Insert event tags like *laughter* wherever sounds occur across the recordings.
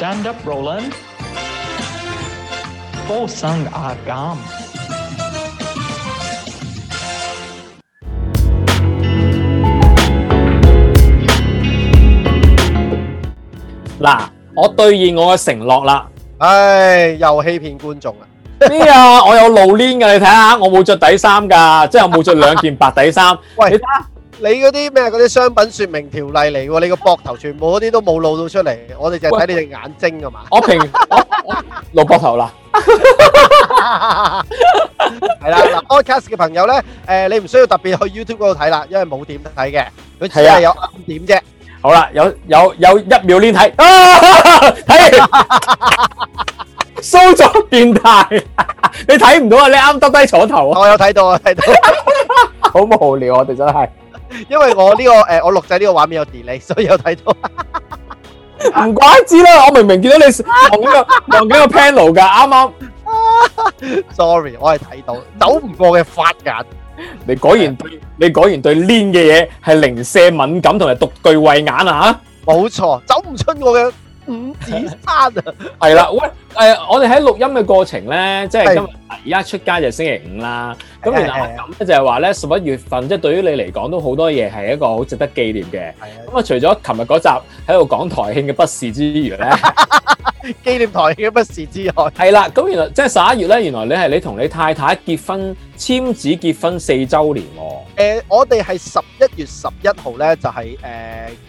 Stand up, Roland. For sung agam. 嗱，我兌現我嘅承諾啦。唉，又欺騙觀眾啦。咩啊？我有露 link 嘅，你睇下，我冇著底衫㗎，即係我冇著兩件白底衫。喂！你睇下。你嗰啲咩嗰啲商品說明條例嚟嘅喎，你個膊頭全部嗰啲都冇露到出嚟，我哋淨係睇你隻眼睛㗎嘛？我平我露膊頭啦，係啦嗱，cast 嘅朋友咧，誒，你唔需要特別去 YouTube 嗰度睇啦，因為冇點得睇嘅，佢真係有點啫。好啦，有有有一秒你睇，睇，縮咗變態，你睇唔到啊？你啱耷低坐頭啊？我有睇到啊，睇到，好無聊，我哋真係。因為我呢、這個誒，我錄仔呢個畫面有 delay，所以有睇到唔 *laughs* 怪之啦。我明明見到你望緊個望緊個 panel 噶，啱啱。Sorry，我係睇到走唔過嘅法眼你 *laughs* 你。你果然你果然對粘嘅嘢係零舍敏感，同埋獨具慧眼啊！吓，冇錯，走唔出我嘅。五指山啊，係啦，喂，誒，我哋喺錄音嘅過程咧，即係今日而家出街就星期五啦。咁然後我咁咧就係話咧，十一月份即係、就係、對於你嚟講都好多嘢係一個好值得紀念嘅。咁啊的，除咗琴日嗰集喺度講台慶嘅不是之餘咧。 *laughs* *laughs* 紀念台嘅不時之外係啦，咁原來即係十一月咧，原來你係你同你太太結婚簽紙結婚四周年。誒，我哋係十一月十一號咧就係誒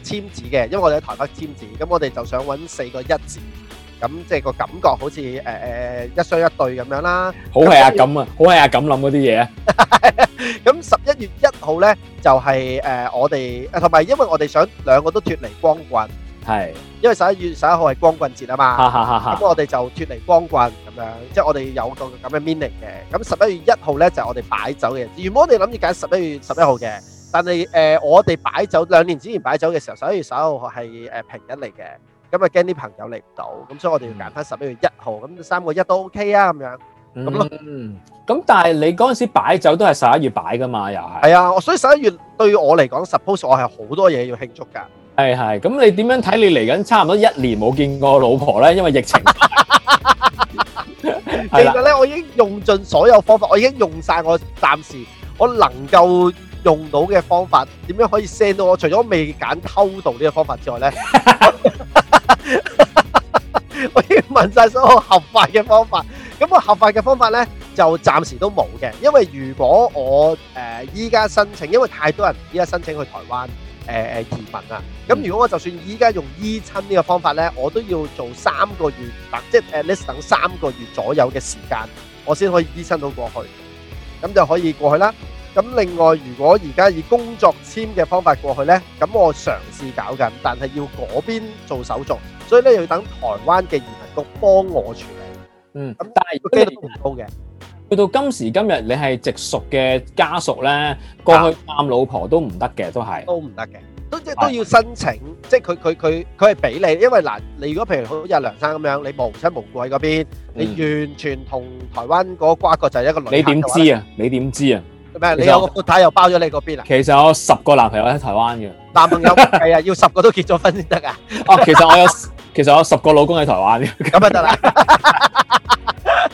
簽字嘅，因為我哋喺台北簽字，咁我哋就想揾四個一字，咁即係個感覺好似誒誒一雙一對咁樣啦。好係阿錦啊，好係阿錦諗嗰啲嘢。咁十一月一號咧就係誒我哋誒同埋，因為我哋想兩個都脫離光棍。係，因為十一月十一號係光棍節啊嘛，咁我哋就脫離光棍咁樣，即係我哋有個咁嘅 meaning 嘅。咁十一月一號呢就係我哋擺酒嘅。原本我哋諗住揀十一月十一號嘅，但係誒我哋擺酒兩年之前擺酒嘅時候，十一月十一號係誒平日嚟嘅，咁啊驚啲朋友嚟唔到，咁所以我哋要揀翻十一月一號，咁三個一都 OK 啊咁樣，咁咯。咁但係你嗰陣時擺酒都係十一月擺噶嘛，又係。係啊，所以十一月對我嚟講，suppose 我係好多嘢，要慶祝噶。係係，咁你點樣睇？你嚟緊差唔多一年冇見過老婆咧，因為疫情。 *laughs* *laughs* 其實咧， *laughs* 我已經用盡所有方法，我已經用晒我暫時我能夠用到嘅方法，點樣可以 send 到我？除咗未揀偷渡呢個方法之外咧， *laughs* *laughs* 我已經問晒所有合法嘅方法。咁我合法嘅方法咧，就暫時都冇嘅，因為如果我誒依家申請，因為太多人依家申請去台灣。誒誒、呃呃、移民啊，咁如果我就算依家用依親呢個方法呢，我都要做三個月，即係 at least 等三個月左右嘅時間，我先可以依親到過去，咁就可以過去啦。咁另外如果而家以工作簽嘅方法過去呢，咁我嘗試搞緊，但係要嗰邊做手續，所以呢要等台灣嘅移民局幫我處理。嗯，咁那但係個機率唔高嘅。去到今時今日，你係直屬嘅家屬咧，過去探老婆都唔得嘅，都係都唔得嘅，都即係都要申請，即係佢佢佢佢係俾你，因為嗱，你如果譬如好似阿梁生咁樣，你無親無故喺嗰邊，你完全同台灣嗰個瓜葛就係一個旅行。你點知啊？你點知啊？咩？你有個太太又包咗你嗰邊啊？其實我有十個男朋友喺台灣嘅。男朋友係啊，要十個都結咗婚先得啊！哦，其實我有，其實我有十個老公喺台灣，咁啊得啦。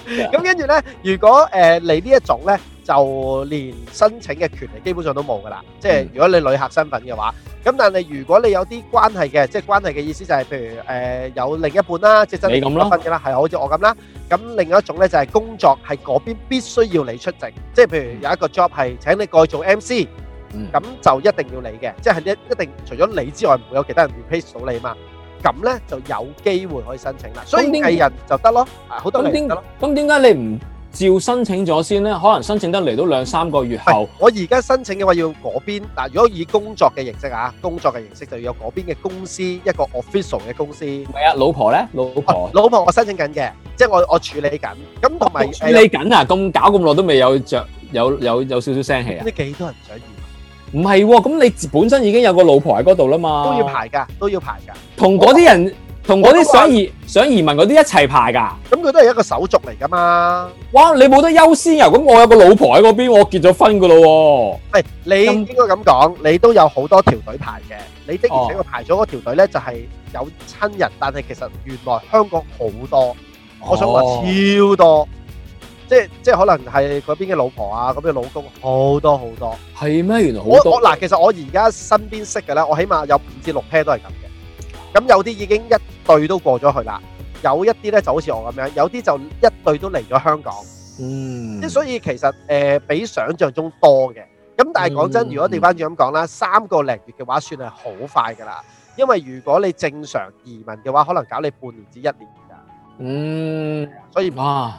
咁跟住咧，如果誒嚟呢一種咧，就連申請嘅權利基本上都冇噶啦。即係如果你旅客身份嘅話，咁但係如果你有啲關係嘅，即係關係嘅意思就係譬如誒有另一半啦，即係真係結婚嘅啦，係好似我咁啦。咁另外一種咧就係工作係嗰邊必須要你出席，即係譬如有一個 job 係請你過去做 MC，咁就一定要你嘅，即係一一定除咗你之外，唔會有其他人 replace 到你嘛。咁咧就有機會可以申請啦，所以藝人就得咯。好多人得咯。咁點解你唔照申請咗先咧？可能申請得嚟都兩三個月後。我而家申請嘅話要嗰邊嗱，如果以工作嘅形式啊，工作嘅形式就要有嗰邊嘅公司一個 official 嘅公司。係啊老婆咧，老婆，老婆，我申請緊嘅，即係我我處理緊。咁同埋處理緊啊，咁搞咁耐都未有著，有有有少少聲氣啊？幾多人想？唔係喎，咁、啊、你本身已經有個老婆喺嗰度啦嘛都，都要排㗎，都要排㗎。同嗰啲人，同嗰啲想移民嗰啲一齊排㗎。咁佢都係一個手續嚟㗎嘛。哇，你冇得優先啊？咁我有個老婆喺嗰邊，我結咗婚㗎咯喎。你唔應該咁講。你都有好多條隊排嘅。你的而且確排咗嗰條隊咧，就係有親人，哦、但係其實原來香港好多，哦、我想話超多。即係可能係嗰邊嘅老婆啊，嗰邊嘅老公，好多好多，係咩？原來好多。我嗱，其實我而家身邊識嘅呢，我起碼有五至六 pair 都係咁嘅。咁有啲已經一對都過咗去啦，有一啲呢就好似我咁樣，有啲就一對都嚟咗香港。嗯，即係所以其實誒、呃，比想象中多嘅。咁但係講真，嗯、如果調翻轉咁講啦，嗯、三個零月嘅話，算係好快噶啦。因為如果你正常移民嘅話，可能搞你半年至一年噶。嗯，所以哇。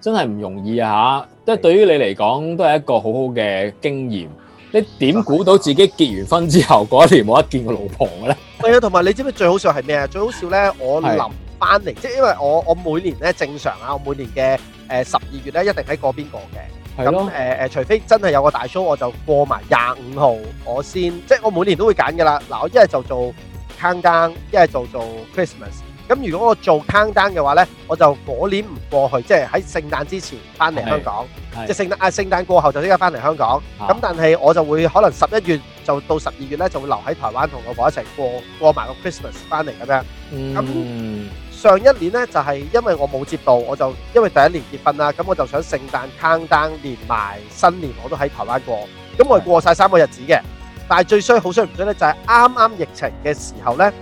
真係唔容易啊！嚇，即係對於你嚟講都係一個好好嘅經驗。你點估到自己結完婚之後嗰一年冇得見個老婆嘅咧？係啊，同埋你知唔知最好笑係咩啊？最好笑咧，我臨翻嚟，即係因為我我每年咧正常啊，我每年嘅誒十二月咧一定喺嗰邊過嘅。係咯。咁誒誒，除非真係有個大 show，我就過埋廿五號，我先即係我每年都會揀噶啦。嗱，我一係就做 countdown，一係就做 Christmas。咁如果我做 countdown 嘅話呢，我就嗰年唔過去，即係喺聖誕之前翻嚟香港，即係聖誕啊聖誕過後就即刻翻嚟香港。咁、啊、但係我就會可能十一月就到十二月呢，就會留喺台灣同老婆一齊過過，過過埋個 Christmas 翻嚟咁樣。咁、嗯、上一年呢，就係因為我冇接到，我就因為第一年結婚啦，咁我就想聖誕 countdown 連埋新年我都喺台灣過。咁我係過曬三個日子嘅，對但係最衰好衰唔衰呢？就係啱啱疫情嘅時候呢。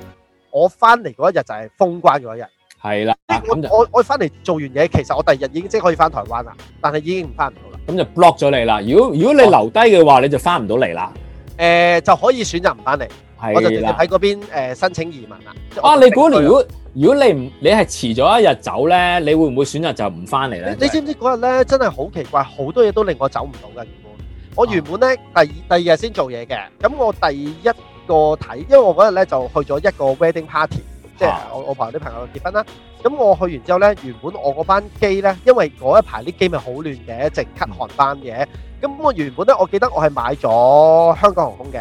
我翻嚟嗰一日就係封關嗰一日，係啦、啊。我我翻嚟做完嘢，其實我第二日已經即可以翻台灣啦，但係已經唔翻唔到啦。咁就 block 咗你啦。如果如果你留低嘅話，哦、你就翻唔到嚟啦。誒、呃，就可以選擇唔翻嚟，係嘅我就直接喺嗰邊申請移民啦。啊，你估如果如果你唔你係遲咗一日走咧，你會唔會選擇就唔翻嚟咧？你知唔知嗰日咧真係好奇怪，好多嘢都令我走唔到㗎。原本，我原本咧、啊、第二第二日先做嘢嘅，咁我第一個睇，因為我嗰日咧就去咗一個 wedding party，即係我我朋友啲朋友結婚啦。咁我去完之後咧，原本我嗰班機咧，因為嗰一排啲機咪好亂嘅，直 cut 航班嘅。咁我原本咧，我記得我係買咗香港航空嘅。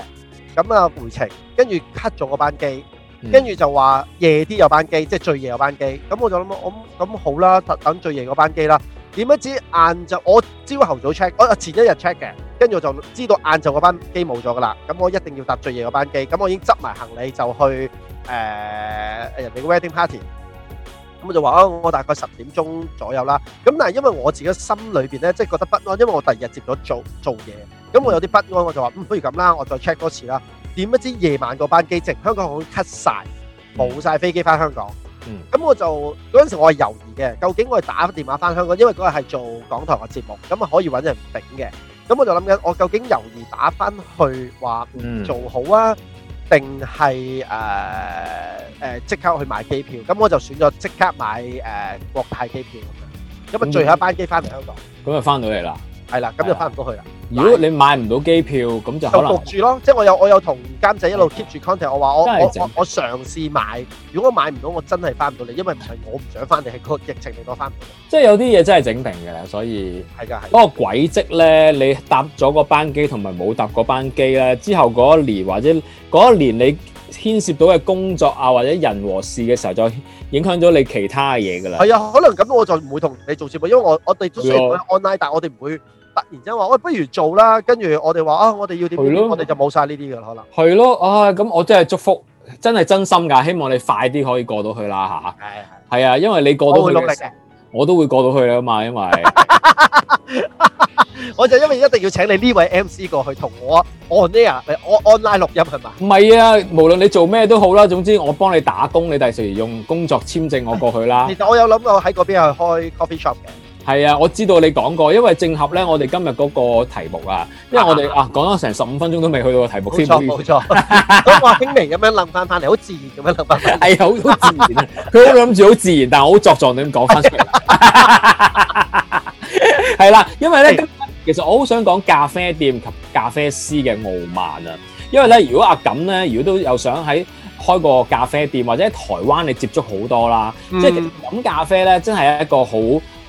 咁啊回程，跟住 cut 咗個班機，跟住就話夜啲有班機，即係最夜有班機。咁我就諗啊，我咁好啦，特登最夜個班機啦。點不知晏晝我朝頭早 check，我前一日 check 嘅。跟住我就知道晏晝嗰班機冇咗噶啦，咁我一定要搭最夜嗰班機。咁我已經執埋行李就去誒、呃、人哋嘅 wedding party。咁我就話，哦，我大概十點鐘左右啦。咁但係因為我自己心裏邊咧，即、就、係、是、覺得不安，因為我第二日接咗做做嘢。咁我有啲不安，我就話、嗯，不如咁啦，我再 check 多次啦。點不知夜晚嗰班機直香港航空公司 cut 曬冇晒飛機翻香港。嗯。咁我就嗰陣時我係猶豫嘅，究竟我係打電話翻香港，因為嗰日係做港台嘅節目，咁啊可以揾人頂嘅。咁我就諗緊，我究竟猶豫打翻去話唔做好啊，呃，定係誒誒即刻去買機票？咁我就選咗即刻買誒、呃、國泰機票咁樣，咁啊最後一班機翻嚟香港，咁、嗯、就翻到嚟啦。係啦，咁就翻唔到去啦。如果你買唔到機票，咁但就可能就焗住咯。即係我有我有同監製一路 keep 住 contact，我話我我我我嘗試買。如果我買唔到，我真係翻唔到嚟，因為唔係我唔想翻嚟，係個疫情令我翻唔到。即係有啲嘢真係整定嘅，所以係㗎，係。嗰個軌跡咧，你搭咗個班機同埋冇搭個班機咧，之後嗰一年或者嗰一年你牽涉到嘅工作啊或者人和事嘅時候再。影響咗你其他嘢噶啦，係啊，可能咁我就唔會同你做節目，因為我我哋都需要 online，的但係我哋唔會突然之間話，喂、哎，不如做啦，跟住我哋話啊，我哋要點，的我哋就冇晒呢啲噶啦，可能係咯，啊，咁我真係祝福，真係真心噶，希望你快啲可以過到去啦，吓，係係，啊的，因為你過到去。我都會過到去啊嘛，因為 *laughs* *laughs* 我就因為一定要請你呢位 MC 過去同我 on air 你 on online 錄音係嘛？唔係啊，無論你做咩都好啦，總之我幫你打工，你第時用工作簽證我過去啦。其實 *laughs* 我有諗過喺嗰邊去開 coffee shop 嘅。係啊，我知道你講過，因為正合咧，我哋今日嗰個題目啊，因為我哋啊講咗成十五分鐘都未去到個題目先，冇錯，咁話輕明咁樣諗翻翻嚟，好自然咁樣諗翻翻，係啊，好自然啊，佢都諗住好自然，但我好作狀你咁講翻出嚟，係啦、 *laughs* *laughs* 啊，因為咧，其實我好想講咖啡店及咖啡師嘅傲慢啊，因為咧，如果阿錦咧，如果都又想喺開個咖啡店，或者喺台灣你接觸好多啦，即係飲咖啡咧，真係一個好。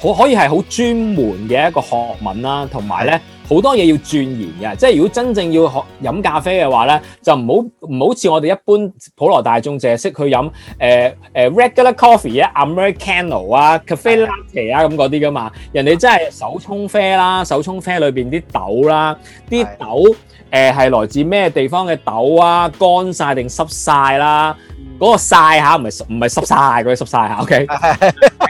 可可以係好專門嘅一個學問啦，同埋咧，好多嘢要鑽研嘅。即係如果真正要學飲咖啡嘅話咧，就唔好唔好似我哋一般普羅大眾，淨係識去飲誒誒 regular coffee 啊、Americano 啊、cafe latte 啊咁嗰啲㗎嘛。人哋真係手沖啡啦，手沖啡裏邊啲豆啦，啲豆誒係來自咩地方嘅豆啊？乾曬定濕曬啦？嗰個曬嚇唔係濕唔係，那個，濕，okay? *laughs* 曬嗰啲濕曬嚇，OK？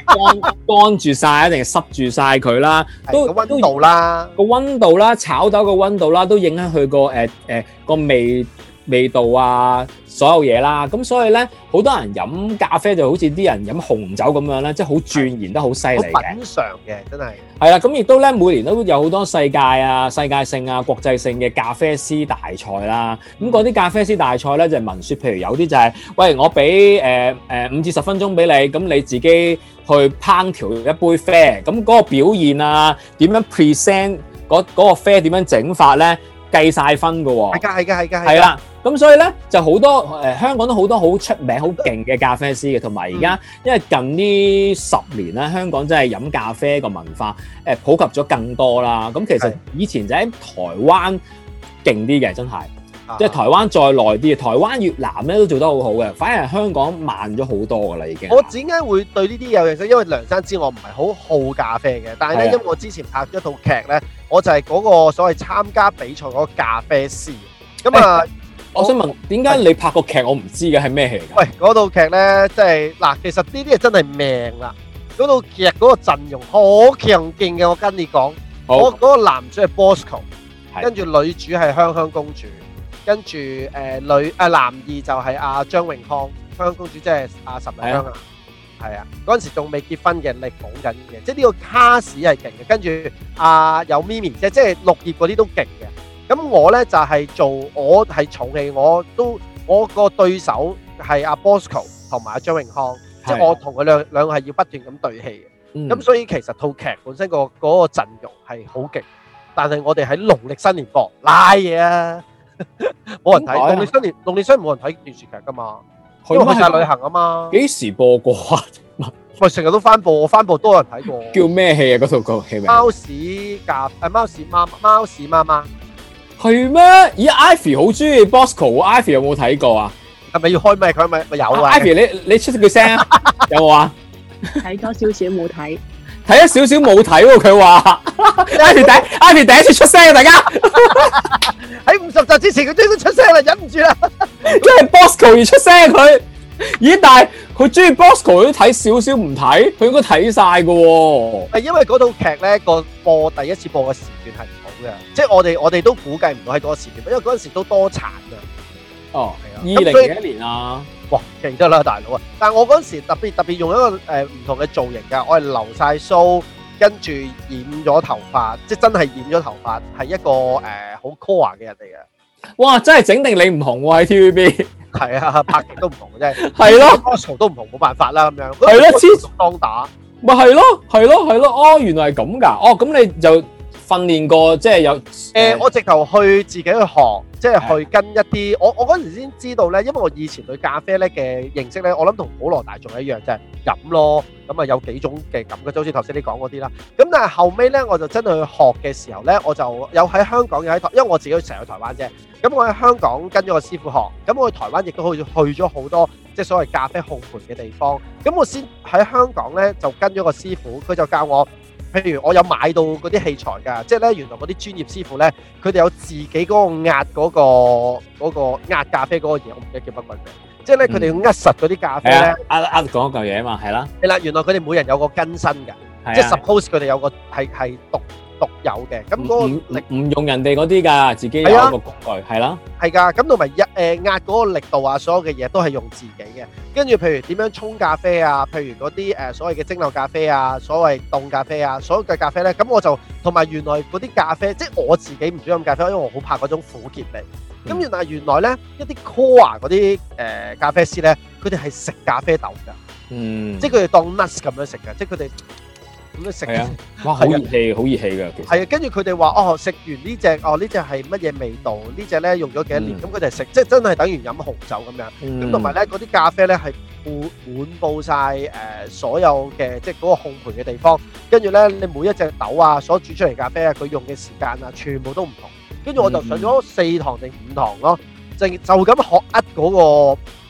乾乾住曬定濕住曬佢啦，都温的都度啦，個温度啦，炒豆個温度啦，都影響佢個誒誒個味。味道啊，所有嘢啦，咁所以咧，好多人飲咖啡就好似啲人飲紅酒咁樣咧，即係好鑽研得好犀利嘅。正常嘅，真係。係啦，咁亦都咧，每年都有好多世界啊、世界性啊、國際性嘅咖啡師大賽啦。咁嗰啲咖啡師大賽咧，就係文説譬如有啲就係，喂，我俾誒誒五至十分鐘俾你，咁你自己去烹調一杯啡，咁嗰個表現啊，點樣 present 嗰個啡點樣整法咧，計晒分㗎喎。係㗎，係㗎，係㗎，係啦。咁所以咧，就好多誒、呃、香港都好多好出名、好勁嘅咖啡師嘅。同埋而家，嗯、因為近呢十年咧，香港真係飲咖啡個文化誒普及咗更多啦。咁其實以前就喺台灣勁啲嘅，真係是的 即係台灣再耐啲台灣越南咧都做得好好嘅，反而係香港慢咗好多噶啦。已經我點解會對呢啲有認識，因為梁生知我唔係好好咖啡嘅，但係咧，是的 因為我之前拍一套劇咧，我就係嗰個所謂參加比賽嗰個咖啡師咁啊。我想問點解你拍個劇我唔知嘅，係咩戲？喂，嗰套劇咧，即係嗱，其實呢啲嘢真係命啦。嗰套劇嗰個陣容好強勁嘅，我跟你講，嗰好、嗰個男主係 Bosco 的跟住女主係香香公主，跟住誒、呃、女誒、呃、男二就係阿張永康。香香公主即係阿十力香啊，係啊的，嗰陣時仲未結婚嘅，你講緊嘅，即係呢個卡士係勁嘅，跟住阿、啊、有咪咪，即係即係綠葉嗰啲都勁嘅。咁、嗯、我咧就係、是、做，我係重戲，我都我個對手係阿 Bosco 同埋阿張永康，的即係我同佢兩兩個係要不斷咁對戲嘅。咁、嗯啊、所以其實套劇本身個嗰個陣容係好勁，但係我哋喺農曆新年播拉嘢啊，冇人睇農曆新年農曆新冇人睇電視劇㗎嘛，都去曬旅行啊嘛。幾時播過啊？喂， *laughs* 成日都翻播我翻播，都有人睇過。叫咩戲啊？嗰套個戲？貓屎夾？係貓屎貓貓屎媽媽。係咩？咦 Ivy 好中意 Bosco，Ivy 有冇睇過是是是是啊？係咪要開咩？佢咪咪有啊？Ivy 你你出啲佢聲啊？ *laughs* 有冇啊？睇多少少冇睇，睇咗少少冇睇喎。佢話 Ivy 第 Ivy 第一次出聲啊！大家喺五十集之前佢都出聲啦，忍唔住啦，因 *laughs* 為 Bosco 而出聲佢。咦？但係佢中意 Bosco 都睇少少唔睇，佢應該睇晒噶。係因為嗰套劇咧個播第一次播嘅時段係。即係我哋，我哋都估計唔到喺嗰個時段，因為嗰陣時都多殘噶。哦，係啊，二零幾年啊，哇，記得啦，大佬啊！但係我嗰陣時特別特別用一個誒唔同嘅造型噶，我係留晒鬚，跟住染咗頭髮，即係真係染咗頭髮，係一個誒好酷嘅人嚟嘅。哇，真係整定你唔紅喎喺 TVB。係啊，拍劇都唔紅嘅啫。係咯，都唔紅，冇辦法啦咁樣。係咯，知足當打。咪係咯，係咯，係咯，哦，原來係咁噶，哦，咁你就。訓練過即係有誒、呃，我直頭去自己去學，即係去跟一啲我我嗰陣時先知道咧，因為我以前對咖啡咧嘅認識咧，我諗同普羅大眾一樣，就係飲咯。咁啊有幾種嘅飲嘅，就好似頭先你講嗰啲啦。咁但係後尾咧，我就真係去學嘅時候咧，我就有喺香港有喺台，因為我自己成日去台灣啫。咁我喺香港跟咗個師傅學，咁我去台灣亦都好去咗好多即係所謂咖啡烘焙嘅地方。咁我先喺香港咧就跟咗個師傅，佢就教我。譬如我有買到嗰啲器材㗎，即係咧原來嗰啲專業師傅咧，佢哋有自己嗰、嗰個壓嗰、嗰個壓咖啡嗰個嘢，我唔記得叫乜鬼名，即係咧佢哋要壓實嗰啲咖啡咧，壓壓講一嚿嘢啊嘛，係啦、啊，係啦、啊，原來佢哋每人有個跟身㗎，啊、即係 suppose 佢哋有個係係讀。獨有嘅，咁嗰個力唔用人哋嗰啲噶，自己係一個工具，係啦，係噶，咁同埋壓誒壓嗰個力度啊，所有嘅嘢都係用自己嘅。跟住譬如點樣沖咖啡啊，譬如嗰啲誒所謂嘅蒸餾咖啡啊，所謂凍咖啡啊，所有嘅咖啡咧，咁我就同埋原來嗰啲咖啡，即係我自己唔中意飲咖啡，因為我好怕嗰種苦澀味。咁原來原來咧，一啲 core 嗰啲誒咖啡師咧，佢哋係食咖啡豆噶，嗯，即係佢哋當 nuts 咁樣食嘅，即係佢哋。咁樣食係啊！哇，好熱氣，好、 *music* 嗯、熱氣㗎！其實係啊，跟住佢哋話哦，食完呢隻哦，呢隻係乜嘢味道？呢隻咧用咗幾多年？咁佢哋食即係真係等於飲紅酒咁樣。咁同埋咧，嗰啲咖啡咧係布滿布晒誒所有嘅即係嗰個控盤嘅地方。跟住咧，你每一隻豆啊所煮出嚟咖啡啊，佢用嘅時間啊，全部都唔同。跟住我就上咗四堂定五堂咯，淨就咁學呃、那、嗰個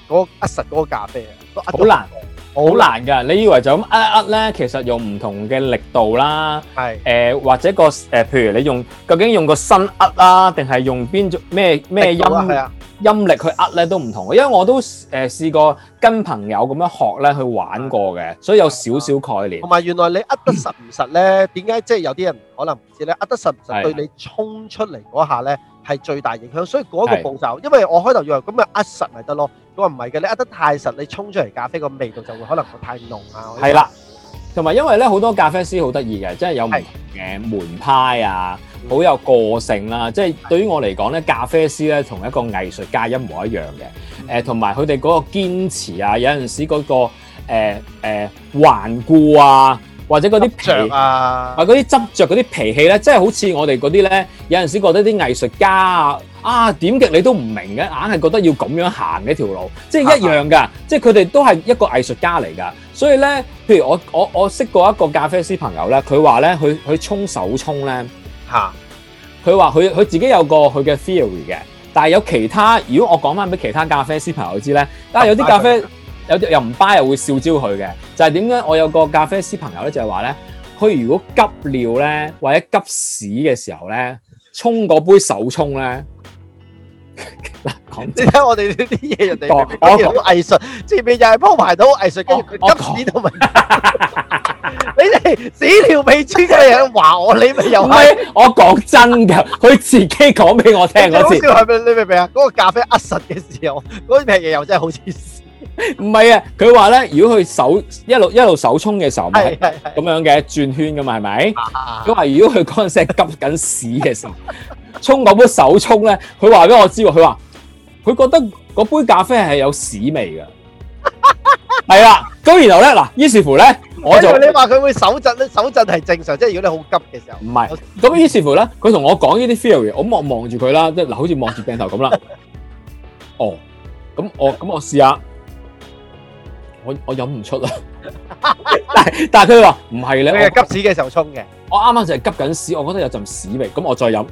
嗰握實嗰個咖啡啊，都握難好難㗎！你以為就咁扼扼咧，其實用唔同嘅力度啦，係是、呃、或者個誒、呃，譬如你用究竟用個身扼啦，定係用邊種咩咩音？音力去壓，咧都唔同，因為我都誒試過跟朋友咁樣學咧去玩過嘅，所以有少少概念。同埋原來你壓得實唔實咧？點解即係有啲人可能唔知咧？壓得實唔實對你衝出嚟嗰下咧係最大影響。的所以嗰個步驟，的因為我開頭以為咁樣壓實咪得咯，佢話唔係嘅，你壓得太實，你衝出嚟咖啡個味道就會可能太濃啊。係啦，同埋因為咧好多咖啡師好得意嘅，即係有唔同嘅門派啊。好有個性啦，即係對於我嚟講咧，咖啡師咧，同一個藝術家一模一樣嘅。誒，同埋佢哋嗰個堅持啊，有陣時嗰個誒誒頑固啊，或者嗰啲脾啊，或者嗰啲執着嗰啲脾氣咧，即係好似我哋嗰啲咧。有陣時覺得啲藝術家啊，啊點極你都唔明嘅，硬係覺得要咁樣行呢條路，即係一樣㗎。 *laughs* 即係佢哋都係一個藝術家嚟㗎，所以咧，譬如我我我我識過一個咖啡師朋友咧，佢話咧，佢佢沖手沖咧。吓，佢話佢佢自己有個佢嘅 theory 嘅，但係有其他。如果我講翻俾其他咖啡師朋友知咧，但係有啲咖啡有啲又唔 buy 又會笑招佢嘅，就係點咧？我有個咖啡師朋友咧，就係話咧，佢如果急尿咧或者急屎嘅時候咧，沖嗰杯手沖咧。 *laughs* 你睇我哋呢啲嘢，人哋講好藝術，前面又係鋪排到藝術，跟住佢急屎同埋，說 *laughs* 你哋屎尿未清嘅人話我，你咪又唔係？我講真噶，佢自己講俾我聽嗰次，你明唔明啊？嗰、嗰個咖啡壓實嘅時候，嗰啲嘢又真係好似屎。唔係啊，佢話咧，如果佢手一路一路手沖嘅時候，係係咁樣嘅轉圈噶嘛，係咪？佢話如果佢嗰陣時急緊屎嘅時候，沖嗰杯手沖咧，佢話俾我知，佢話。佢覺得嗰杯咖啡係有屎味嘅，係啦。 *laughs* 咁然後咧，嗱，於是乎咧，我就你話佢會手震咧，手震係正常，即係如果你好急嘅時候。唔係。咁於是乎咧，佢同我講呢啲 theory，我望望住佢啦，即係嗱，好似望住鏡頭咁啦。 *laughs* 哦。咁我咁我試下，我我飲唔出啦。但係但係佢話唔係咧，你係急屎嘅時候衝嘅。我啱啱就係急緊屎，我覺得有陣屎味，咁我再飲。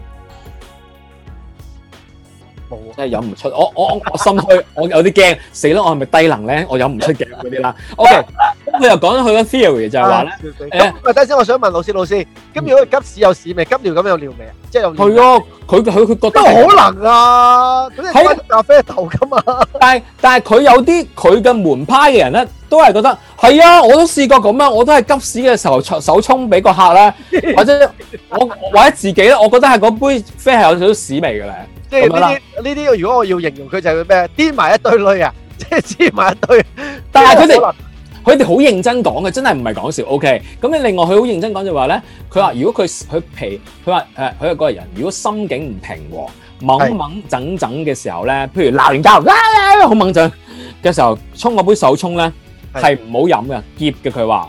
我真係飲唔出，我我我心虛，我有啲驚，死啦！我係咪低能咧？我飲唔出嘅嗰啲啦。OK，咁佢又講咗佢嘅 theory 就係話咧，喂、啊嗯，等陣先。我想問老師，老師，咁如果急屎有屎味，急尿咁有尿味啊？即係有。係啊，佢佢佢覺得可能啊。咁啲阿阿啡頭噶啊。但係但係佢有啲佢嘅門派嘅人咧，都係覺得係啊！我都試過咁啊，我都係急屎嘅時候手沖俾個客咧，或者 *laughs* 我或者自己咧，我覺得係嗰杯啡係有少少屎味嘅咧。即係呢啲呢啲，如果我要形容佢就係佢咩？癲埋一堆女啊，即係癲埋一堆。但係佢哋，佢哋好認真講嘅，真係唔係講笑。OK，咁你另外佢好認真講就話咧，佢話如果佢佢皮，佢話誒，佢係嗰個人。如果心境唔平和，猛猛整整嘅時候咧，譬如鬧完交，好、啊啊、猛震、嘅時候，沖嗰杯手沖咧，係唔好飲嘅，澀嘅。佢話。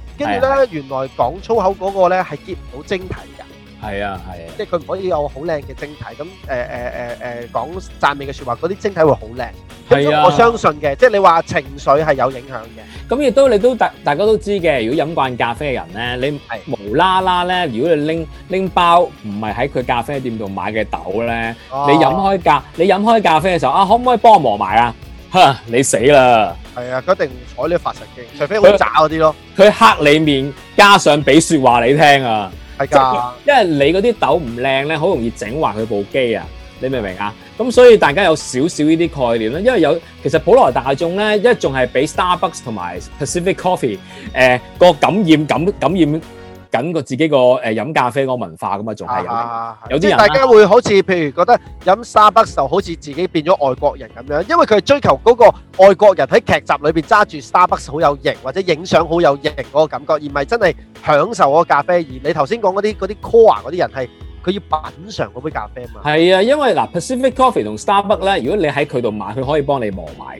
跟住咧，原來講粗口嗰個咧係結唔到晶體㗎。係啊，係啊，即係佢唔可以有好靚嘅晶體。咁誒誒誒誒講讚美嘅説話，嗰啲晶體會好靚。係啊，我相信嘅，即係你話情緒係有影響嘅。咁亦都你都大大家都知嘅。如果飲慣咖啡嘅人咧，你係無啦啦咧，如果你拎拎包唔係喺佢咖啡店度買嘅豆咧，你飲開咖，你飲開咖啡嘅時候啊，可唔可以幫我磨埋啊？嚇，你死啦！係啊，佢一定唔睬你化石機，除非好渣嗰啲咯。佢黑你面，加上俾說話你聽啊，係噶。因為你嗰啲豆唔靚咧，好容易整壞佢部機啊，你明唔明啊？咁所以大家有少少呢啲概念咧，因為有其實普羅大眾咧，一仲係俾 Starbucks 同埋 Pacific Coffee，誒個感染感感染。緊個自己個誒飲咖啡嗰個文化咁啊，仲係有啲人大家會好似譬如覺得飲 Starbucks 就好似自己變咗外國人咁樣，因為佢係追求嗰個外國人喺劇集裏邊揸住 Starbucks 好有型，或者影相好有型嗰個感覺，而唔係真係享受嗰個咖啡。而你頭先講嗰啲啲 core 嗰啲人係。佢要品嚐嗰杯咖啡啊嘛，係啊，因為嗱 Pacific Coffee 同 Starbucks 咧，如果你喺佢度買，佢可以幫你磨埋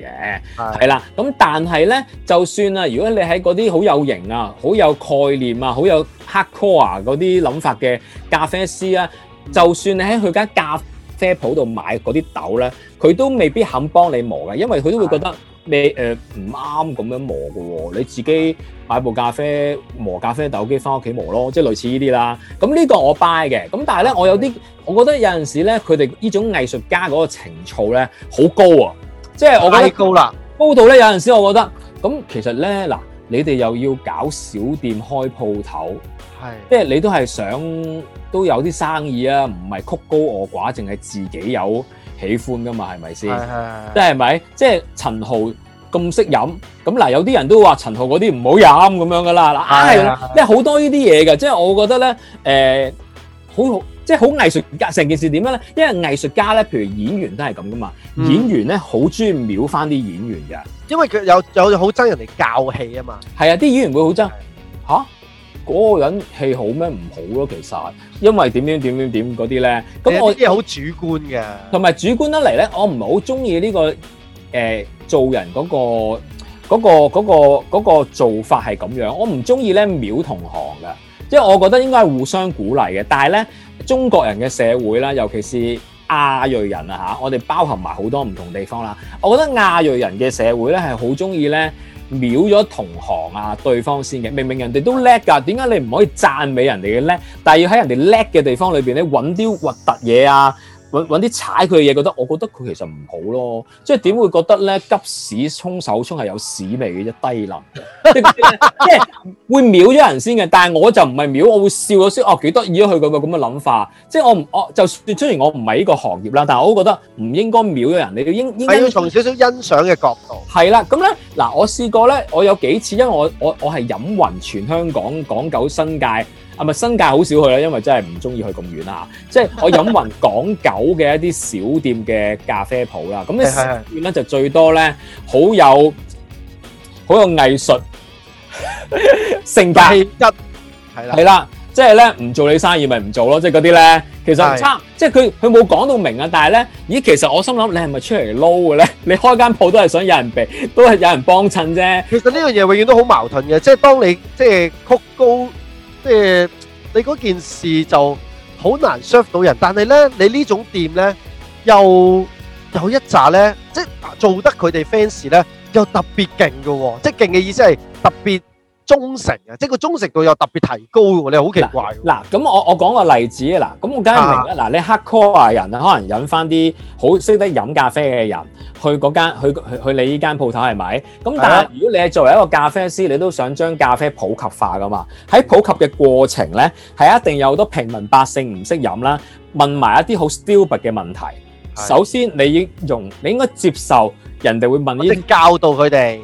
嘅，係啦。咁但係咧，就算啊，如果你喺嗰啲好有型啊、好有概念啊、好有黑 core 嗰啲諗法嘅咖啡師啊，就算你喺佢間咖啡鋪度買嗰啲豆咧，佢都未必肯幫你磨嘅，因為佢都會覺得。咩，誒唔啱咁樣磨嘅喎，哦？你自己買部咖啡磨咖啡豆機翻屋企磨咯，即係類似呢啲啦。咁呢個我 buy 嘅。咁但係咧，我有啲我覺得有陣時咧，佢哋呢種藝術家嗰個情操咧好高啊！即係我覺得高啦，高到咧有陣時我覺得咁，其實咧嗱，你哋又要搞小店開鋪頭，係的即係你都係想都有啲生意啊，唔係曲高和寡，淨係自己有。喜歡噶嘛，係咪先？即係咪是、啊？即係陳豪咁識飲咁嗱，有啲人都話陳豪嗰啲唔好飲咁樣噶啦嗱，係啦，因為好多呢啲嘢嘅，即係我覺得咧，誒、呃，好好即係好藝術家，成件事點樣咧？因為藝術家咧，譬如演員都係咁噶嘛，演員咧好中意秒翻啲演員嘅，因為佢有有好憎人哋教戲啊嘛，係啊，啲演員會好憎嚇。嗰個人氣好咩唔好咯？其實因為點點點點點嗰啲咧，咁我啲嘢好主觀嘅，同埋主觀得嚟咧，我唔係好中意呢個誒、呃、做人嗰、嗰個嗰、嗰個嗰個嗰個做法係咁樣，我唔中意咧秒同行嘅，即係我覺得應該係互相鼓勵嘅。但係咧，中國人嘅社會啦，尤其是亞裔人啊嚇，我哋包含埋好多唔同地方啦，我覺得亞裔人嘅社會咧係好中意咧。秒咗同行啊！對方先嘅，明明人哋都叻㗎，點解你唔可以讚美人哋嘅叻？但係要喺人哋叻嘅地方裏面咧，揾啲核突嘢啊！揾啲踩佢嘅嘢，覺得我覺得佢其實唔好咯，即係點會覺得咧急屎沖手沖係有屎味嘅啫，低能， *laughs* 即係會秒咗人先嘅。但係我就唔係秒，我會笑咗先。哦，幾得意啊，佢個個咁嘅諗法，即係我唔我就雖然我唔係呢個行業啦，但係我都覺得唔應該秒咗人。你應應該要從少少欣賞嘅角度。係啦，咁咧嗱，我試過咧，我有幾次，因為我我我係飲勻全香港港九新界。啊，唔係新界好少去啦，因為真係唔中意去咁遠啦。即係我飲勻港九嘅一啲小店嘅咖啡鋪啦。咁咧點咧就最多咧好有好有藝術性格係啦，係啦，即係咧唔做你生意咪唔做咯。即係嗰啲咧，其實唔差。即係佢佢冇講到明啊，但係咧，咦，其實我心諗你係咪出嚟撈嘅咧？你開間鋪都係想有人畀，都係有人幫襯啫。其實呢樣嘢永遠都好矛盾嘅，即係當你即係曲高。即係、呃、你件事就好難 serve 到人，但係咧你呢種店咧又有一紮咧，即係做得佢哋 fans 咧又特別勁嘅喎，即係勁嘅意思係特別。忠誠啊！即係個忠誠度又特別提高喎，你好奇怪。嗱咁我我講個例子啊，嗱咁我梗係明啦。嗱你黑咖啡人可能引翻啲好識得飲咖啡嘅人去嗰間去去去你呢間鋪頭係咪？咁但係、啊、如果你係作為一個咖啡師，你都想將咖啡普及化㗎嘛？喺普及嘅過程咧，係一定有好多平民百姓唔識飲啦，問埋一啲好 stupid 嘅問題。啊、首先你要用，你應該接受人哋會問呢啲，教導佢哋，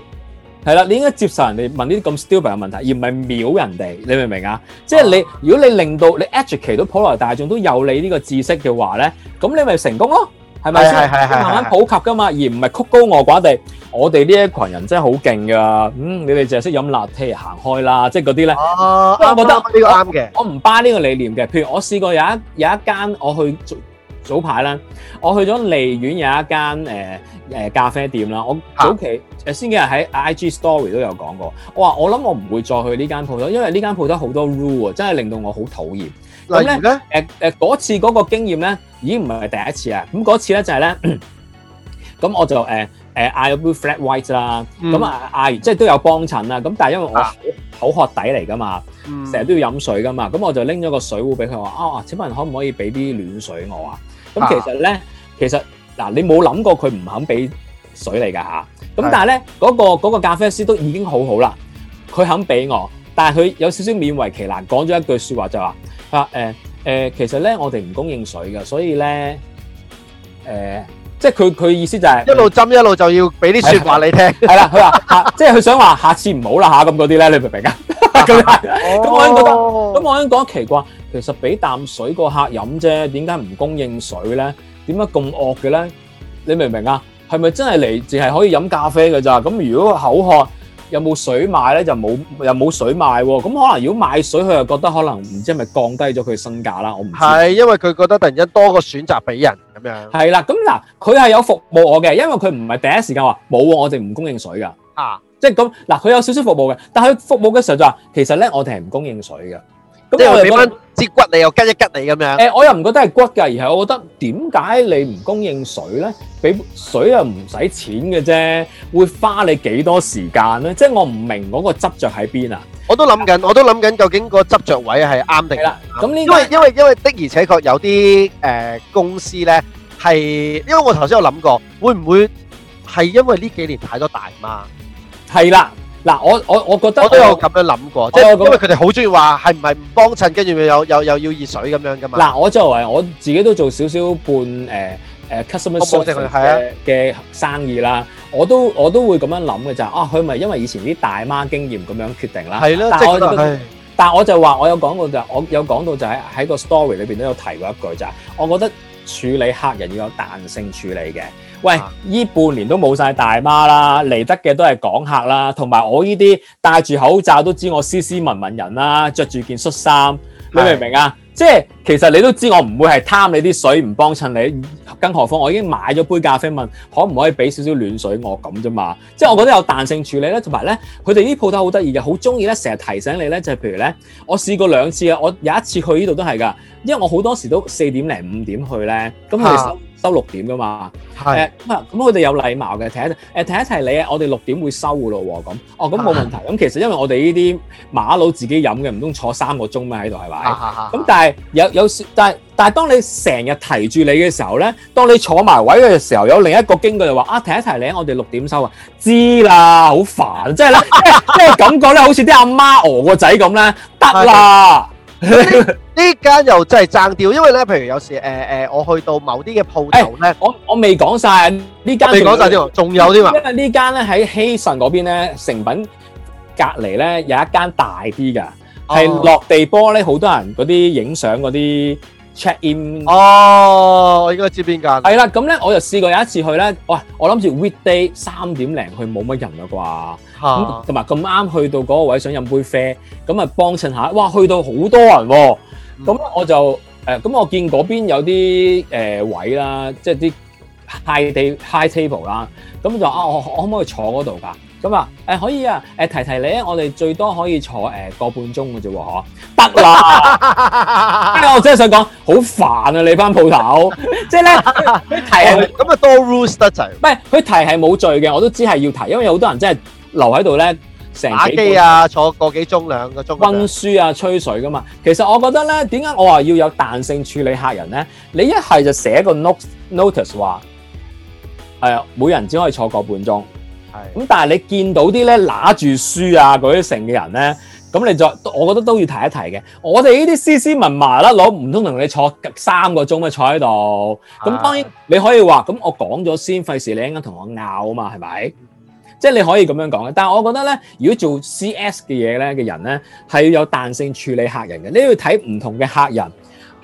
係啦，你應該接受人哋問呢啲咁 stupid 嘅問題，而唔係秒人哋。你明唔明啊？啊即係你，如果你令到你 educate 到普羅大眾都有你呢個知識嘅話咧，咁你咪成功咯。係咪先？對對對對對，慢慢普及噶嘛，而唔係曲高和寡地。我哋呢一群人真係好勁噶。嗯，你哋淨係識飲垃圾行開啦，即係嗰啲咧。啊、我覺得呢、啊這個啱嘅，我唔 buy 呢個理念嘅。譬如我試過有一有一間我去做。早排啦，我去咗利園有一間誒誒咖啡店啦。我早期誒先幾日喺 IG Story 都有講過。我話我諗我唔會再去呢間鋪頭啦，因為呢間鋪頭都好多 rule 啊，真係令到我好討厭。咁咧誒誒嗰次嗰個經驗咧，已經唔係第一次啊。咁嗰次咧就係、是、咧，咁我就誒誒嗌咗杯 flat white 啦、啊。咁啊嗌，即係都有幫襯啦。咁但係因為我好、啊、口渴底嚟噶嘛，成日都要飲水噶嘛，咁我就拎咗個水壺俾佢話啊，請問可唔可以俾啲暖水我啊？咁其實咧，其實嗱，你冇諗過佢唔肯俾水嚟㗎吓？咁、啊、但係咧，嗰、嗰個嗰個咖啡師都已經好好啦，佢肯俾我，但係佢有少少勉為其難，講咗一句説話就話：佢話誒其實咧我哋唔供應水嘅，所以咧誒、呃，即係佢佢意思就係、是、一路斟一路就要俾啲説話你聽。 *laughs* *laughs* 係啦，佢、啊、話即係佢想話下次唔好啦嚇咁嗰啲咧，你明唔明啊？咁 AM、哦、 *laughs* 我已經覺得，咁我已經覺得奇怪。其實俾啖水個客飲啫，點解唔供應水咧？點解咁惡嘅咧？你明唔明啊？係咪真係嚟淨係可以飲咖啡嘅咋？咁如果口渴有冇水賣咧，就冇又冇水賣喎、啊。咁可能如果賣水，佢又覺得可能唔知係咪降低咗佢身價啦？我唔係因為佢覺得突然間多個選擇俾人咁樣。 *laughs* 係啦，咁嗱，佢係有服務我嘅，因為佢唔係第一時間話冇，我哋唔供應水噶啊。即係咁嗱，佢有少少服務嘅，但係服務嘅時候就話，其實咧我哋係唔供應水嘅，咁你我哋俾翻隻骨你又吉一吉你咁樣。誒、嗯，我又唔覺得係骨嘅，嗯、而係我覺得點解你唔供應水咧？俾水又唔使錢嘅啫，會花你幾多時間咧？即係我唔明嗰個執著喺邊啊！我都諗緊，的我都諗緊究竟個執着位係啱定唔啱？係啦，咁呢因為因為因為的而且確有啲誒、呃、公司咧係，因為我頭先有諗過，會唔會係因為呢幾年太多大媽？係啦，嗱，我我我覺得我都有咁樣諗過，即係因為佢哋好中意話係唔係唔幫襯，跟住又又又要熱水咁樣噶嘛。嗱，我作為我自己都做少少半誒誒、呃呃、customer service 嘅嘅生意啦，我都我都會咁樣諗嘅咋，啊，佢咪因為以前啲大媽經驗咁樣決定啦。係咯了，即係咁樣但係我,唉我就話我有講過就，我有講到就喺喺個 story 裏邊都有提過一句咋、就是，我覺得處理客人要有彈性處理嘅。喂，依、啊、半年都冇晒大媽啦，嚟得嘅都係港客啦，同埋我依啲戴住口罩都知我斯斯文文人啦，啊，着住件恤衫，啊、你明唔明啊？即係其實你都知我唔會係貪你啲水唔幫襯你，更何況我已經買咗杯咖啡，問可唔可以俾少少暖水我咁啫嘛。即係我覺得有彈性處理咧，同埋咧佢哋啲鋪頭好得意嘅，好中意咧成日提醒你咧，就係、是、譬如咧，我試過兩次啊，我有一次去呢度都係噶，因為我好多時都四點零五點去咧，咁佢收六點噶嘛？係咁啊！咁佢哋有禮貌嘅，提一提。誒，提一提你啊，我哋六點會收嘅咯喎。咁哦，咁、嗯、冇、嗯嗯哦、問題。咁其實因為我哋呢啲馬佬自己飲嘅，唔通坐三個鐘咩喺度係咪？咁但係有有時，但係但係當你成日提住你嘅時候咧，當你坐埋位嘅時候，有另一個經過就話啊，提一提你，我哋六點收啊，知啦，好煩，即係咧，即係 *laughs* 感覺咧，好似啲阿媽餓個仔咁咧，得啦。呢 *laughs* 間又真係爭啲，因為咧，譬如有時誒誒、呃呃，我去到某啲嘅鋪頭咧、哎，我我未講晒呢間，你講晒添，仲有添啊！因為間呢間咧喺希慎嗰邊咧，成品隔籬咧有一間大啲噶係、哦、落地玻璃，好多人嗰啲影相嗰啲。check in 哦，我應該知邊間。係啦，咁咧我就試過有一次去咧，哇！我諗住 weekday 三點零去冇乜人啦啩，同埋咁啱去到嗰個位想飲杯啡，咁啊幫襯下，哇！去到好多人喎、啊，咁我就誒，咁、嗯呃、我見嗰邊有啲誒、呃、位啦，即係啲 high 地 high table 啦，咁就啊，我我可唔可以坐嗰度㗎？咁啊，誒、嗯、可以啊，誒，提提你我哋最多可以坐誒、呃、個半鐘嘅啫喎，嚇，得啦、 *laughs* 哎！我真係想講，好煩啊！你班鋪頭，即係咧，佢提咁啊多 rules 得滯，唔係佢提係冇罪嘅，我都知係要提，因為有好多人真係留喺度咧，成幾，打機啊，坐個幾鐘兩個鐘，温書啊，吹水噶、啊、嘛。其實我覺得咧，點解我話要有彈性處理客人咧？你一係就寫個 note notice 話，誒、呃，每人只可以坐個半鐘。咁、嗯、但係你見到啲咧拿住書啊，嗰啲剩嘅人咧，咁你再，我覺得都要提一提嘅。我哋呢啲斯斯文文啦，攞唔通同你坐三個鐘咩？坐喺度咁，當然你可以話咁，我講咗先，費事你應該同我拗啊嘛，係咪？即、就、係、是、你可以咁樣講嘅。但係我覺得咧，如果做 C.S 嘅嘢咧嘅人咧，係要有彈性處理客人嘅。你要睇唔同嘅客人，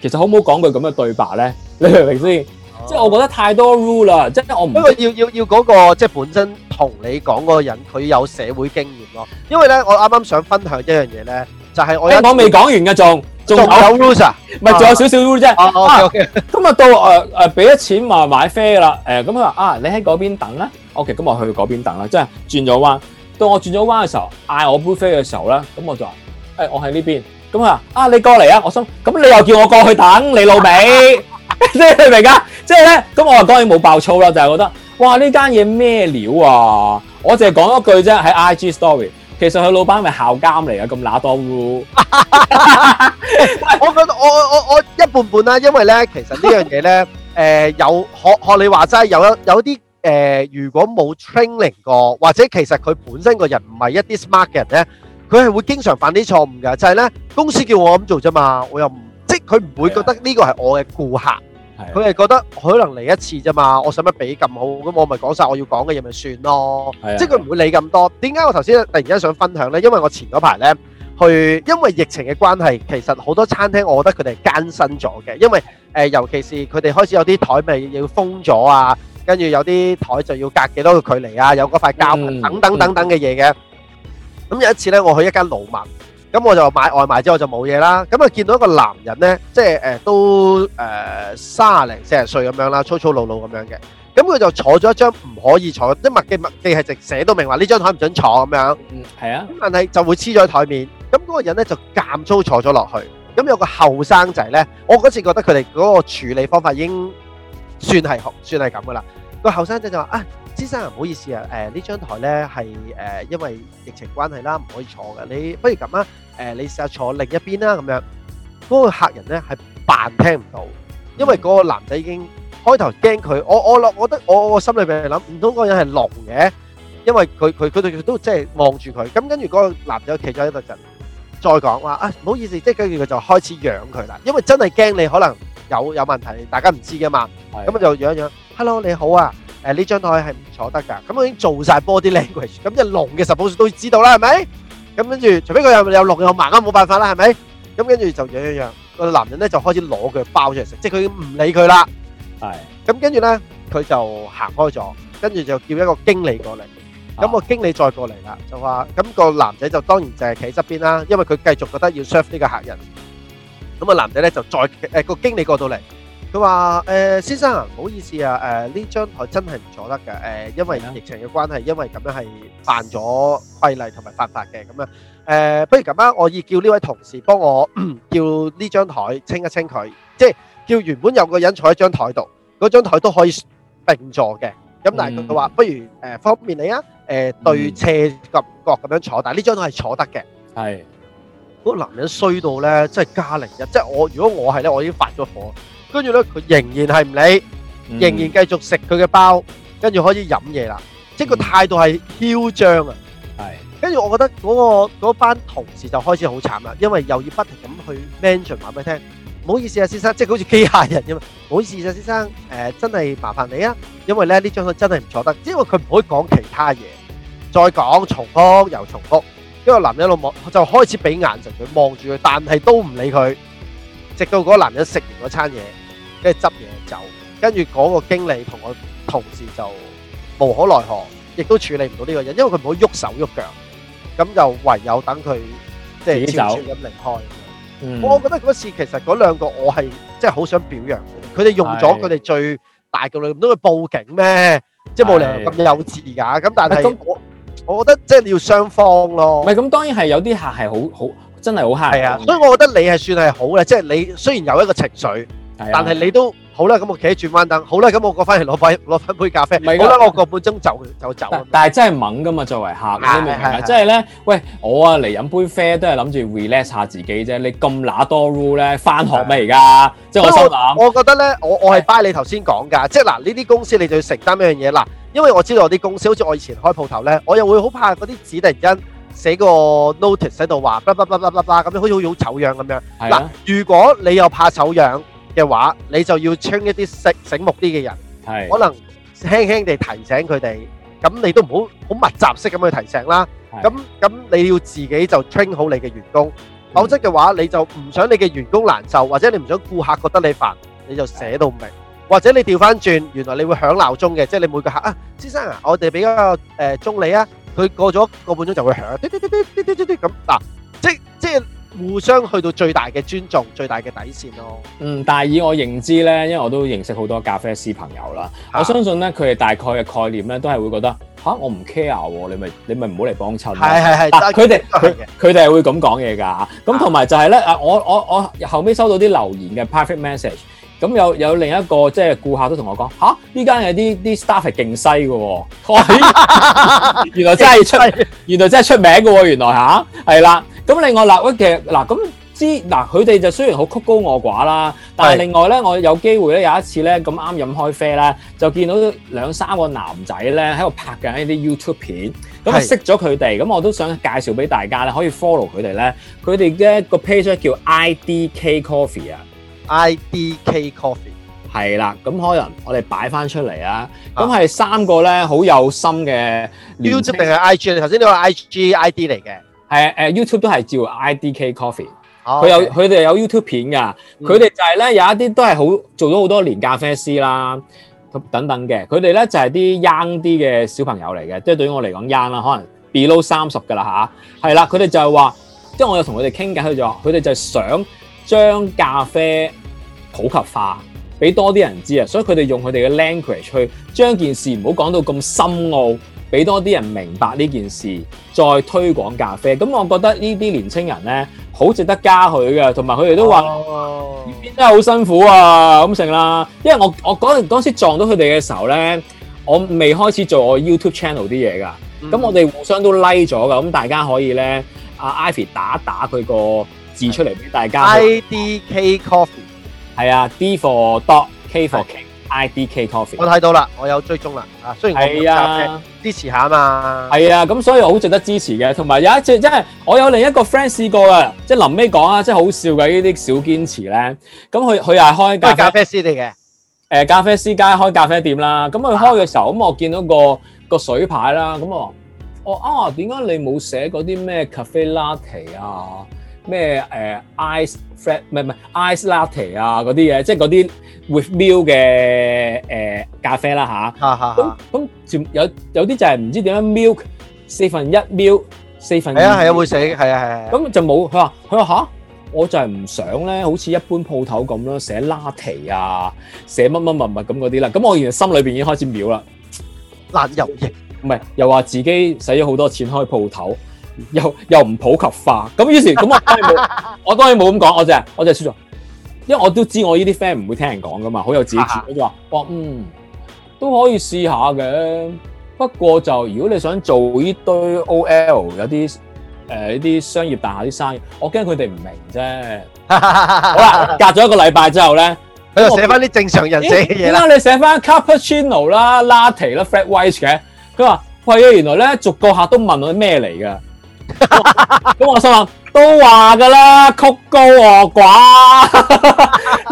其實好唔好講句咁嘅對白咧？你明唔明先？即係、啊、我覺得太多 rule 啦、就是那個，即係我唔不過要要要嗰個即係本身。同你講嗰個人，佢有社會經驗咯。因為咧，我啱啱想分享一樣嘢咧，就係我聽我未講完嘅仲仲有 loser，咪仲有少少 loser 啫。咁啊，到誒誒俾咗錢話買啡啦。誒咁啊，啊你喺嗰邊等啦。OK，咁我去嗰邊等啦。即係轉咗彎。到我轉咗彎嘅時候，嗌我杯啡嘅時候咧，咁我就話：誒我喺呢邊。咁啊，啊你過嚟啊！我想咁你又叫我過去等你老味，即係你明㗎？即係咧，咁我當然冇爆粗啦，就係覺得。哇！呢間嘢咩料啊？我就係講一句啫，喺 IG Story。其實佢老闆咪校監嚟啊，咁乸多烏。我覺得我我我一半半啦，因為咧，其實呢樣嘢咧，誒有學學你話齋，有有啲誒、呃，如果冇 training 過，或者其實佢本身個人唔係一啲 smart 嘅人咧，佢係會經常犯啲錯誤嘅。就係、是、咧，公司叫我咁做啫嘛，我又唔，即佢唔會覺得呢個係我嘅顧客。佢係覺得可能嚟一次啫嘛，我使乜俾咁好？咁我咪講曬我要講嘅嘢咪算咯。即係佢唔會理咁多。點解我頭先突然間想分享咧？因為我前嗰排咧去，因為疫情嘅關係，其實好多餐廳我覺得佢哋係艱辛咗嘅。因為誒，尤其是佢哋開始有啲台咪要封咗啊，跟住有啲台就要隔幾多個距離啊，有嗰塊膠等等等等嘅嘢嘅。咁有一次咧，我去一間老麥。咁我就買外賣之後就冇嘢啦。咁啊見到一個男人咧，即係誒都誒三廿零四十歲咁樣啦，粗粗魯魯咁樣嘅。咁佢就坐咗一張唔可以坐，即係麥記麥記係直寫到明話呢張台唔准坐咁樣。嗯，係啊。但係就會黐咗喺台面。咁嗰個人咧就監粗坐咗落去。咁有個後生仔咧，我嗰次覺得佢哋嗰個處理方法已經算係算係咁噶啦。個後生仔就話啊，先生唔好意思啊，誒、呃、呢張台咧係誒因為疫情關係啦，唔可以坐嘅。你不如咁啊。誒，你試下坐另一邊啦，咁樣，嗰個客人咧係扮聽唔到，因為嗰個男仔已經開頭驚佢，我我我覺得我我心裏邊係諗，唔通嗰個人係聾嘅，因為佢佢佢對佢都即係望住佢，咁跟住嗰個男仔企咗喺度陣，再講話啊，唔好意思，即係跟住佢就開始養佢啦，因為真係驚你可能有有問題，大家唔知嘅嘛，咁就養一養，hello 你好啊，誒呢張台係唔坐得㗎，咁我已經做曬 body language，咁即係聾嘅，suppose 都知道啦，係咪？咁跟住，除非佢有有聾有盲，咁冇辦法啦，係咪？咁跟住就樣樣樣，個男人咧就開始攞佢包出嚟食，即係佢已經唔理佢啦。係，咁跟住咧，佢就行開咗，跟住就叫一個經理過嚟。咁個經理再過嚟啦，就話，咁個男仔就當然就係企喺側邊啦，因為佢繼續覺得要 serve 呢個客人。咁個男仔咧就再誒個經理過到嚟。佢話：誒先生啊，唔好意思啊，誒呢張台真係唔坐得嘅，誒因為疫情嘅關係，因為咁樣係犯咗規例同埋犯法嘅咁樣。誒不如咁啦，我而叫呢位同事幫我叫呢張台清一清佢，即係叫原本有個人坐喺張台度，嗰張台都可以並坐嘅。咁但係佢話：不如誒方便你啊，誒對斜感覺咁樣坐，但係呢張台係坐得嘅。係嗰個男人衰到咧，真係加零一嘅，即係我如果我係咧，我已經發咗火。跟住咧，佢仍然係唔理，仍然繼續食佢嘅包，跟住開始飲嘢啦。即係個態度係囂張啊！係跟住我覺得嗰個嗰班同事就開始好慘啦，因為又要不停咁去 mention 話俾佢聽，唔好意思啊，先生，即係好似機械人咁，唔好意思啊，先生，誒，真係麻煩你啊，因為咧呢張相真係唔坐得，因為佢唔可以講其他嘢，再講重複又重複，因為男人喺度望，就開始俾眼神佢望住佢，但係都唔理佢，直到嗰個男人食完嗰餐嘢。即係執嘢走，跟住嗰個經理同我同事就無可奈何，亦都處理唔到呢個人，因為佢唔好喐手喐腳，咁就唯有等佢即係悄悄咁離開。嗯，我覺得嗰次其實嗰兩個我係即係好想表揚佢哋，佢哋用咗佢哋最大嘅力量都去報警咩？即係冇理由咁幼稚㗎。咁但係，我覺得即係你要雙方咯。唔係咁，當然係有啲客係好好真係好客。係啊，所以我覺得你係算係好嘅，即係你雖然有一個情緒。但係你都好啦，咁我企喺轉彎凳，好啦，咁我過翻嚟攞翻攞翻杯咖啡，唔係，我個半鐘就就走。但係真係猛噶嘛，作為客，係係係，即係咧，喂，我啊嚟飲杯啡都係諗住 relax 下自己啫。你咁乸多 rule 咧，翻學咩而家？即係我心諗，我覺得咧，我我係 buy 你頭先講㗎，即係嗱呢啲公司你就要承擔一樣嘢嗱，因為我知道我啲公司好似我以前開鋪頭咧，我又會好怕嗰啲紙突然間寫個 notice 喺度話，咁樣好似好似好醜樣咁樣。係啦，如果你又怕醜樣，嘅話，你就要 train 一啲醒醒目啲嘅人，可能輕輕地提醒佢哋，咁你都唔好好密集式咁去提醒啦。咁咁你要自己就 train 好你嘅員工，否則嘅話，你就唔想你嘅員工難受，或者你唔想顧客覺得你煩，你就寫到明。或者你調翻轉，原來你會響鬧鐘嘅，即係你每個客啊，先生啊，我哋俾個誒鐘你啊，佢過咗個半鐘就會響，滴滴滴滴滴滴滴滴咁啊！互相去到最大嘅尊重，最大嘅底線咯。嗯，但係以我認知咧，因為我都認識好多咖啡師朋友啦，的我相信咧佢哋大概嘅概念咧都係會覺得吓我唔 care，你咪你咪唔好嚟幫襯。係係係，佢哋佢佢哋係會咁講嘢噶吓。咁同埋就係咧，我我我，我後尾收到啲留言嘅 perfect message，咁、嗯、有有，有另一個即係顧客都同我講，吓呢間嘅啲啲 staff 係勁西噶、哦， *laughs* *laughs* 原來真係出名原、啊，原來真係出名噶、啊，原來吓係啦。啊。咁另外嗱，喂，其實嗱，咁之嗱，佢哋就雖然好曲高我寡啦，但係另外咧，我有機會咧，有一次咧，咁啱飲開啡咧，就見到兩三個男仔咧喺度拍緊一啲 YouTube 片，咁係識咗佢哋，咁我都想介紹俾大家咧，可以 follow 佢哋咧，佢哋嘅個 page 咧叫 IDK Coffee 啊，IDK Coffee 係啦，咁可能我哋擺翻出嚟啊，咁係三個咧好有心嘅 YouTube 定係 IG，頭先呢個 IG ID 嚟嘅。誒誒、uh, YouTube 都係叫 IDK Coffee，佢、oh, okay. 有佢哋有 YouTube 片噶，佢哋、嗯、就係咧有一啲都係好做咗好多年咖啡師啦，等等嘅，佢哋咧就係啲 young 啲嘅小朋友嚟嘅，即係對於我嚟講 young 啦，可能 below 三十噶啦吓，係、啊、啦，佢哋就係話，即係我有同佢哋傾偈，佢就話佢哋就係想將咖啡普及化，俾多啲人知啊，所以佢哋用佢哋嘅 language 去將件事唔好講到咁深奧。俾多啲人明白呢件事，再推廣咖啡。咁我覺得呢啲年青人咧，好值得加佢嘅。同埋佢哋都話變得好辛苦啊，咁成啦。因為我我嗰陣時撞到佢哋嘅時候咧，我未開始做我 YouTube channel 啲嘢噶。咁、嗯、我哋互相都 like 咗噶。咁大家可以咧，阿、啊、Ivy 打一打佢個字出嚟俾大家。I D K Coffee 係啊，D for dot K for king I D K Coffee。我睇到啦，我有追蹤啦。啊，雖然我冇的支持下啊嘛，係啊，咁所以好值得支持嘅。同埋有一隻，即係我有另一個 friend 試過㗎，即係臨尾講啊，即係好笑㗎呢啲小堅持咧。咁佢佢又係開咖咖啡師嚟嘅，誒咖啡師街開咖啡店啦。咁佢開嘅時候，咁我見到個個水牌啦，咁我我啊點解你冇寫嗰啲咩 cafe latte 啊，咩誒 ice flat 唔係唔係 ice latte 啊嗰啲嘢，即係嗰啲 with milk 嘅誒咖啡啦吓。咁咁。有有啲就係唔知點樣 milk 四分一 milk 四分一，係啊係啊會死，係啊係啊咁就冇，佢話佢話吓，我就係唔想咧，好似一般鋪頭咁啦，寫拉提啊，寫乜乜物物咁嗰啲啦。咁我原來心裏邊已經開始秒啦，辣油型，唔係又話自己使咗好多錢開鋪頭，又又唔普及化。咁於是咁我當然冇， *laughs* 我當然冇咁講。我就係我就係輸咗，因為我都知我呢啲 friend 唔會聽人講噶嘛，好有自己主， *laughs* 我就話我嗯。都可以試下嘅，不過就如果你想做呢堆 OL，有啲誒呢啲商業大廈啲生意，我驚佢哋唔明啫。 *laughs* 好啦，隔咗一個禮拜之後咧，佢就寫翻啲正常人寫嘅嘢。點解、啊、你寫翻 cappuccino 啦、latte 啦、flat white 嘅、啊？佢話：喂、啊，原來咧逐個客都問我啲咩嚟㗎。咁 *laughs* 我心諗都話㗎啦，曲高和寡？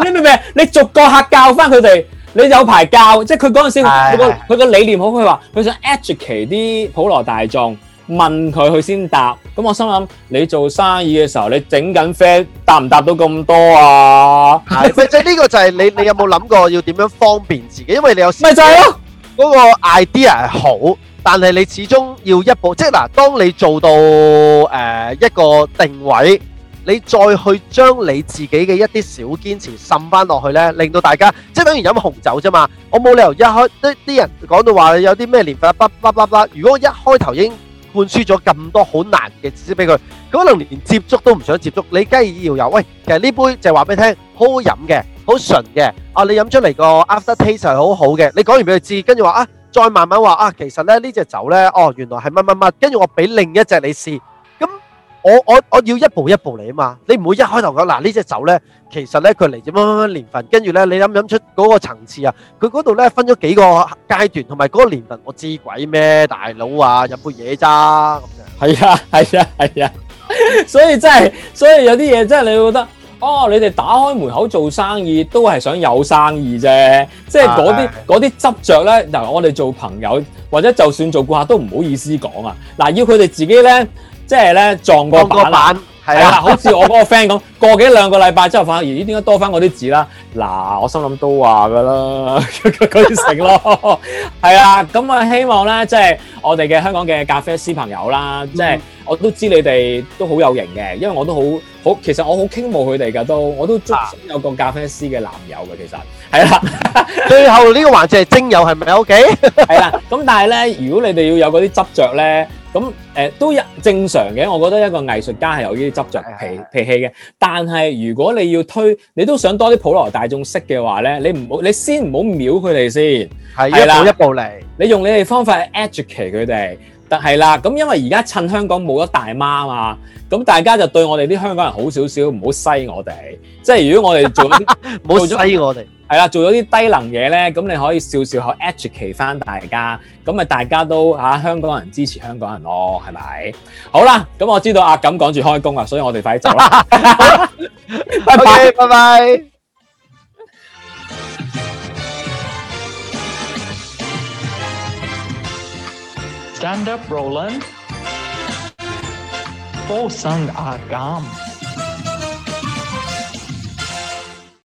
*laughs* 你明唔明？你逐個客教翻佢哋。你有排教，即係佢嗰陣時佢個佢個理念好，佢話佢想 educate 啲普羅大眾，問佢佢先答。咁我心諗，你做生意嘅時候你整緊啡答唔答到咁多啊？即係呢個就係你你有冇諗過要點樣方便自己？因為你有時咪就係咯，啊，嗰個 idea 係好，但係你始終要一步，即係嗱，當你做到誒，呃、一個定位。你再去將你自己嘅一啲小堅持滲翻落去，呢令到大家即係等於飲紅酒啫嘛。我冇理由一開啲人講到話有啲咩年份不不卜卜。Blah blah blah blah, 如果一開頭已經灌輸咗咁多好難嘅知識畀佢，佢可能連接觸都唔想接觸。你梗係要有：「喂，其實呢杯就係話畀你聽，好好飲嘅，好純嘅。啊，你飲出嚟個 after taste 係好好嘅。你講完俾佢知，跟住話啊，再慢慢話啊，其實咧呢隻酒呢，哦，原來係乜乜乜。跟住我畀另一隻你試。我我我要一步一步嚟啊嘛！你唔會一開頭講，嗱呢隻酒咧，其實咧佢嚟自乜乜乜年份，跟住咧你諗諗出嗰個層次啊！佢嗰度咧分咗幾個階段，同埋嗰個年份，我知鬼咩大佬啊！飲杯嘢咋咁嘅？係啊係啊係啊！所以真係，所以有啲嘢真係你會覺得，哦，你哋打開門口做生意都係想有生意啫，即係嗰啲嗰啲執着咧。嗱，我哋做朋友或者就算做顧客都唔好意思講啊。嗱，要佢哋自己咧。即係咧撞個板，、啊、板，係啊，好似、啊、我嗰個 friend 咁， *laughs* 過幾兩個禮拜之後，反而咦點解多翻嗰啲紙啦？嗱、啊，我心諗都話㗎啦，佢食咯，係 *laughs* 啊，咁啊希望咧，即、就、係、是、我哋嘅香港嘅咖啡師朋友啦，即係、嗯就是、我都知你哋都好有型嘅，因為我都好好，其實我好傾慕佢哋噶，都我都想有個咖啡師嘅男友嘅，其實係啦。啊、 *laughs* 最後呢個環節係徵友係咪喺屋企？係啦、OK? *laughs* 啊，咁但係咧，如果你哋要有嗰啲執着咧。咁誒、嗯、都一正常嘅，我覺得一個藝術家係有啲執着脾的脾氣嘅。但係如果你要推，你都想多啲普羅大眾識嘅話咧，你唔好你先唔好秒佢哋先，係的的一步一步嚟。你用你哋方法 educate 佢哋，但係啦，咁、嗯、因為而家趁香港冇咗大媽嘛，咁大家就對我哋啲香港人好少少，唔好蝦我哋。即係如果我哋做，冇蝦 *laughs* 了我哋。係啦，做咗啲低能嘢咧，咁你可以笑笑可 educate 翻大家，咁咪大家都吓、啊、香港人支持香港人咯，係咪？好啦，咁我知道阿錦趕住開工啊，所以我哋快啲走啦。O K，拜拜。Stand up, Roland。波生阿錦。